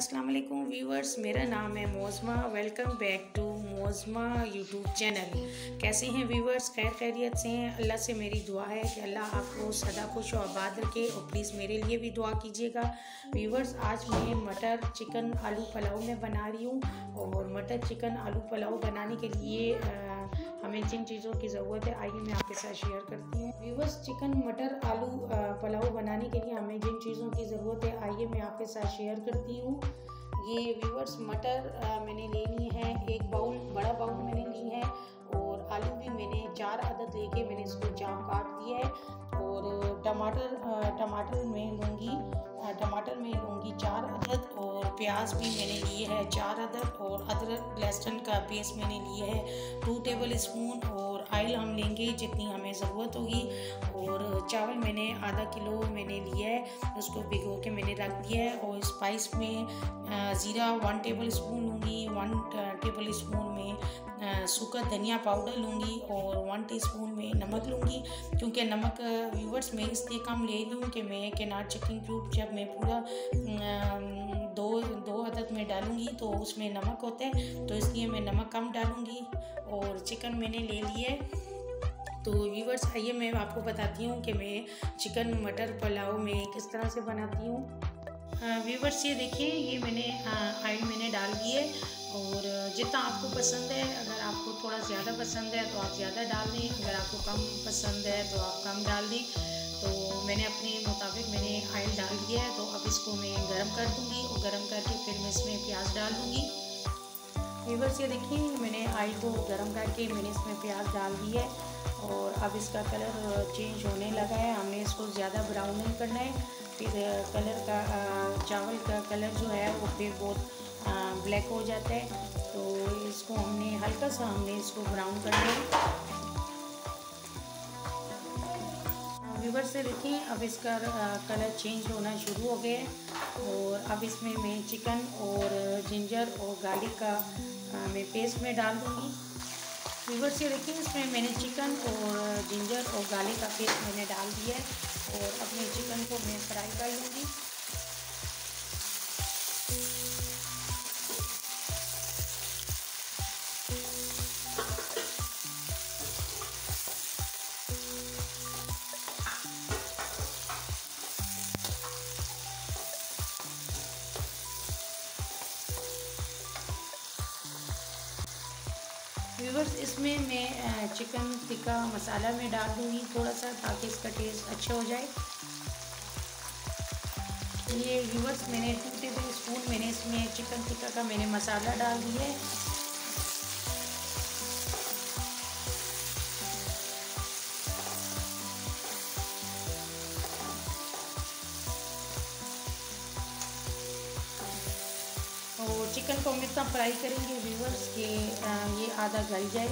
अस्सलाम वालेकुम व्यूअर्स मेरा नाम है Mozma welcome back to Mozma YouTube channel कैसे हैं व्यूअर्स खैर खैरियत से हैं अल्लाह से मेरी दुआ है कि अल्लाह आपको सदा खुश और आबाद रखे और प्लीज़ मेरे लिए भी दुआ कीजिएगा व्यूवर्स आज मैं मटर चिकन आलू पुलाव में बना रही हूँ और मटर चिकन आलू पुलाव बनाने के लिए आ, हमें जिन चीज़ों की ज़रूरत है आइए मैं आपके साथ शेयर करती हूँ व्यूवर्स चिकन मटर आलू पुलाव बनाने के लिए हमें जिन चीज़ों की ज़रूरत है आइए मैं आपके साथ शेयर करती हूँ ये व्यूवर्स मटर मैंने ले ली है एक बाउल बड़ा बाउल मैंने ली है और आलू भी मैंने चार आदत लेके मैंने इसको जाम काट दिया है और टमाटर टमाटर में लूँगी टमाटर में लूँगी चार प्याज भी मैंने लिए है चार अदरक और अदरक लहसुन का पेस्ट मैंने लिए है टू टेबल स्पून और आयल हम लेंगे जितनी हमें ज़रूरत होगी और चावल मैंने आधा किलो मैंने लिया है उसको भिगो के मैंने रख दिया है और स्पाइस में ज़ीरा वन टेबल स्पून लूँगी वन टेबल स्पून में सूखा धनिया पाउडर लूँगी और वन टीस्पून में नमक लूँगी क्योंकि नमक व्यूवर्स में इसलिए कम ले लूँ कि मैं कैनाट चिकन क्यूब जब मैं पूरा दो दो अदद में डालूँगी तो उसमें नमक होता है तो इसलिए मैं नमक कम डालूँगी और चिकन मैंने ले लिए तो व्यूवर्स आइए मैं आपको बताती हूँ कि मैं चिकन मटर पुलाव में किस तरह से बनाती हूँ व्यूवर्स ये देखिए ये मैंने आयल मैंने डाल दिए और जितना आपको पसंद है अगर आपको थोड़ा ज़्यादा पसंद है तो आप ज़्यादा डाल दें अगर आपको कम पसंद है तो आप कम डाल दें तो मैंने अपने मुताबिक मैंने आयल डाल दिया है तो अब इसको मैं गर्म कर दूँगी और गर्म करके फिर मैं इसमें प्याज डाल दूँगी व्यूवर्स ये देखिए मैंने आयल को गर्म करके मैंने इसमें प्याज डाल दी है और अब इसका कलर चेंज होने लगा है हमने इसको ज़्यादा ब्राउन नहीं करना है फिर कलर का चावल का कलर जो है वो फिर बहुत ब्लैक हो जाता है तो इसको हमने हल्का सा हमने इसको ब्राउन करना है व्यूवर से देखें अब इसका कलर चेंज होना शुरू हो गया है और अब इसमें मैं चिकन और जिंजर और गार्लिक का मैं पेस्ट में डाल दूँगी व्यूवर से देखें इसमें मैंने चिकन और जिंजर और गार्लिक का पेस्ट मैंने डाल दिया है और अपने चिकन को मैं फ्राई कर लूँगी व्यूवर्स इसमें मैं चिकन टिक्का मसाला में डाल दूँगी थोड़ा सा ताकि इसका टेस्ट अच्छा हो जाए ये व्यूवर्स मैंने टू टेबल स्पून मैंने इसमें चिकन टिक्का का मैंने मसाला डाल दिया है और चिकन को हम इतना फ्राई करेंगे व्यूवर्स के ये आधा गल जाए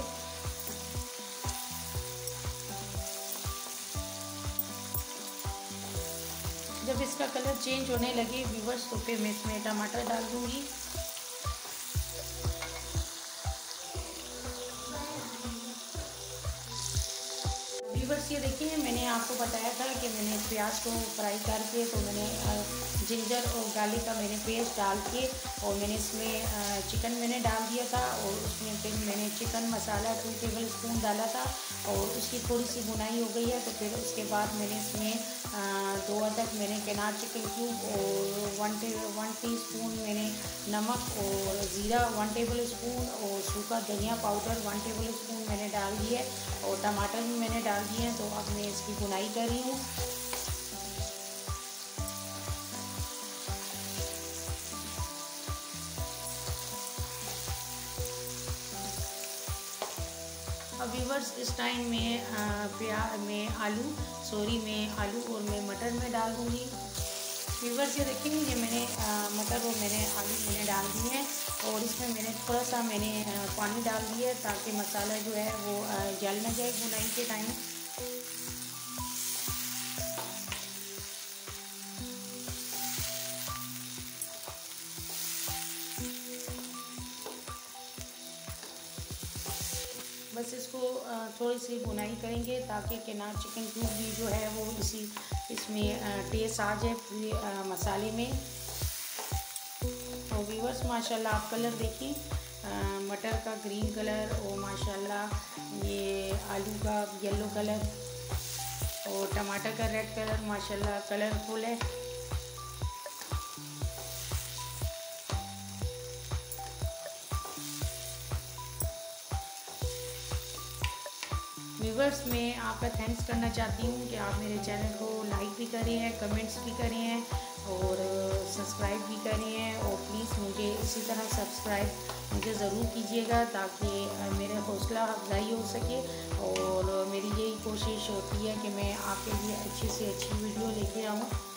जब इसका कलर चेंज होने लगे व्यूवर्स तो फिर मैं इसमें टमाटर डाल दूंगी वीवर्स ये देखिए मैंने आपको बताया था कि मैंने प्याज को फ्राई करके तो मैंने जिंजर और गार्लिक का मैंने पेस्ट डाल के और मैंने इसमें चिकन मैंने डाल दिया था और उसमें फिर मैंने chicken masala two tablespoon डाला था और उसकी थोड़ी सी बुनाई हो गई है तो फिर उसके बाद मैंने इसमें दो अदक मैंने केनार चिकन क्यूब और वन टे वन टी स्पून मैंने नमक और ज़ीरा वन टेबल स्पून और सूखा धनिया पाउडर वन टेबल स्पून मैंने डाल दी है और टमाटर भी मैंने डाल दिए हैं तो अब मैं इसकी बुनाई कर रही हूँ अब वीवर्स इस टाइम में प्याज में आलू सॉरी में आलू और मैं मटर में डाल दूँगी व्यूवर्स ये देखिए ये मैंने मटर वो मैंने आलू मैंने डाल दिए हैं और इसमें मैंने थोड़ा सा मैंने पानी डाल दिया है ताकि मसाला जो है वो जल ना जाए बुनाई के टाइम बस इसको थोड़ी सी बुनाई करेंगे ताकि किनार चिकन क्यूब भी जो है वो इसी इसमें टेस्ट आ जाए मसाले में और तो वीवर्स माशाल्लाह आप कलर देखिए मटर का ग्रीन कलर और माशाल्लाह ये आलू का येलो कलर और टमाटर का रेड कलर माशाल्लाह कलरफुल है व्यूवर्स में आपका थैंक्स करना चाहती हूँ कि आप मेरे चैनल को लाइक भी करें हैं कमेंट्स भी करें हैं और सब्सक्राइब भी करें हैं और प्लीज़ मुझे इसी तरह सब्सक्राइब मुझे ज़रूर कीजिएगा ताकि मेरा हौसला अफजाई हो सके और मेरी यही कोशिश होती है कि मैं आपके लिए अच्छी से अच्छी वीडियो लेके आऊँ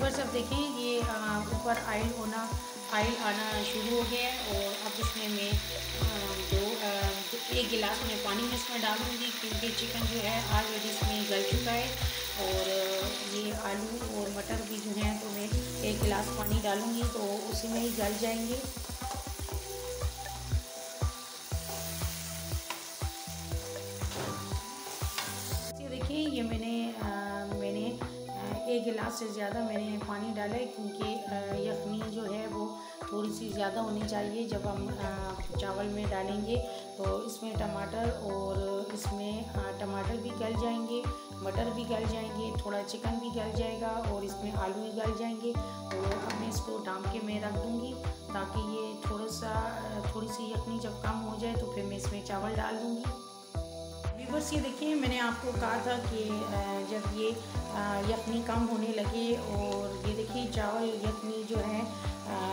व्यूवर्स अब देखें ये ऊपर आयल होना आयल आना शुरू हो गया है और अब इसमें मैं दो एक गिलास में पानी में इसमें डालूँगी क्योंकि चिकन जो है ऑलरेडी इसमें गल चुका है और ये आलू और मटर भी जो है तो मैं एक गिलास पानी डालूँगी तो उसी में ही गल जाएंगे देखिए ये मैंने एक गिलास से ज़्यादा मैंने पानी डाला है क्योंकि यखनी जो है वो थोड़ी सी ज़्यादा होनी चाहिए जब हम चावल में डालेंगे तो इसमें टमाटर और इसमें टमाटर भी गल जाएंगे मटर भी गल जाएंगे थोड़ा चिकन भी गल जाएगा और इसमें आलू भी गल जाएंगे तो अब मैं इसको ढाम के मैं रख दूँगी ताकि ये थोड़ा सा थोड़ी सी यखनी जब कम हो जाए तो फिर मैं इसमें चावल डाल दूँगी वीवर्स ये देखिए मैंने आपको कहा था कि जब ये यखनी कम होने लगे और ये देखिए चावल यखनी जो है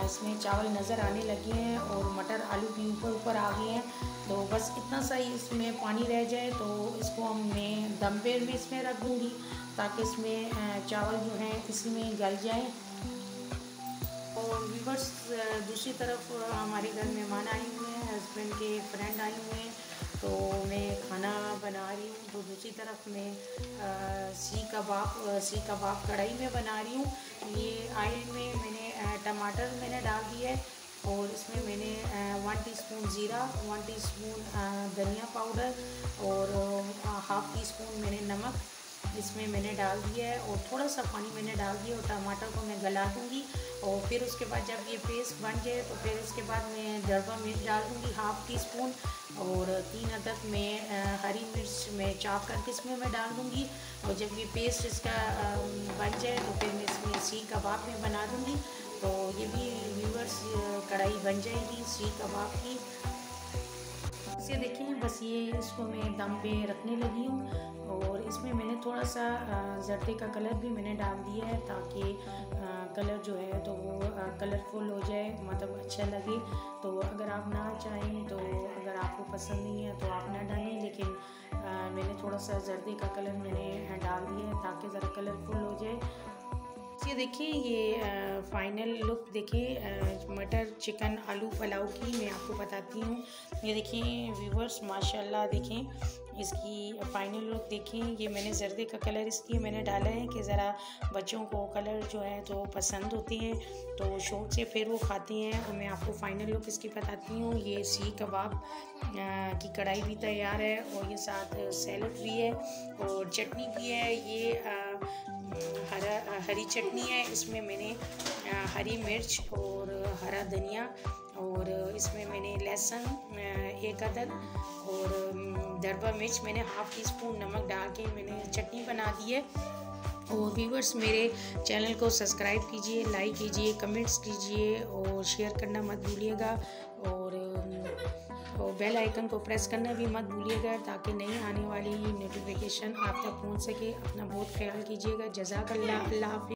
इसमें चावल नज़र आने लगे हैं और मटर आलू भी ऊपर ऊपर आ गए हैं तो बस इतना सा ही इसमें पानी रह जाए तो इसको हम मैं दम पेड़ में इसमें रख दूँगी ताकि इसमें चावल जो हैं इसी में गल जाए और वीवर्स दूसरी तरफ हमारे घर मेहमान आए हुए हैं हस्बैंड के फ्रेंड आए हुए हैं तो मैं खाना बना रही हूँ तो दूसरी तरफ मैं सी कबाब सी कबाब कढ़ाई में बना रही हूँ ये आयल में मैंने टमाटर मैंने डाल दिया है और इसमें मैंने वन टीस्पून ज़ीरा वन टीस्पून धनिया पाउडर और हाफ़ टी स्पून मैंने नमक इसमें मैंने डाल दिया है और थोड़ा सा पानी मैंने डाल दिया और टमाटर को मैं गला दूँगी और फिर उसके बाद जब ये पेस्ट बन जाए तो फिर इसके बाद मैं दरबा मिर्च डाल दूँगी हाफ़ टी स्पून और तीन अदद में हरी मिर्च में चाप करके इसमें मैं डाल दूँगी और जब ये पेस्ट इसका बन जाए तो फिर मैं इसमें सी कबाब में बना दूँगी तो ये भी व्यूवर्स कढ़ाई बन जाएगी सी कबाब की ये देखें बस ये इसको मैं दम पे रखने लगी हूँ और इसमें मैंने थोड़ा सा जर्दे का कलर भी मैंने डाल दिया है ताकि कलर जो है तो वो कलरफुल हो जाए मतलब अच्छा लगे तो अगर आप ना चाहें तो अगर आपको पसंद नहीं है तो आप ना डालें लेकिन मैंने थोड़ा सा जर्दे का कलर मैंने डाल दिया है ताकि ज़रा कलरफुल हो जाए ये देखिए ये आ, फाइनल लुक देखिए मटर चिकन आलू पुलाव की मैं आपको बताती हूँ ये देखिए व्यूवर्स माशाल्लाह देखें इसकी फाइनल लुक देखें ये मैंने जर्दे का कलर इसलिए मैंने डाला है कि ज़रा बच्चों को कलर जो है तो पसंद होते हैं तो शौक से फिर वो खाते हैं और मैं आपको फाइनल लुक इसकी बताती हूँ ये सी कबाब की कढ़ाई भी तैयार है और ये साथ सैलड भी है और चटनी भी है ये हरा हरी चटनी है इसमें मैंने हरी मिर्च और हरा धनिया और इसमें मैंने लहसुन एक अदद और दरबा मिर्च मैंने हाफ़ टी स्पून नमक डाल के मैंने चटनी बना दी है और व्यूवर्स मेरे चैनल को सब्सक्राइब कीजिए लाइक कीजिए कमेंट्स कीजिए और शेयर करना मत भूलिएगा और और बेल आइकन को प्रेस करना भी मत भूलिएगा ताकि नई आने वाली नोटिफिकेशन आप तक पहुंच सके अपना बहुत ख्याल कीजिएगा जजाक अल्लाह अल्लाह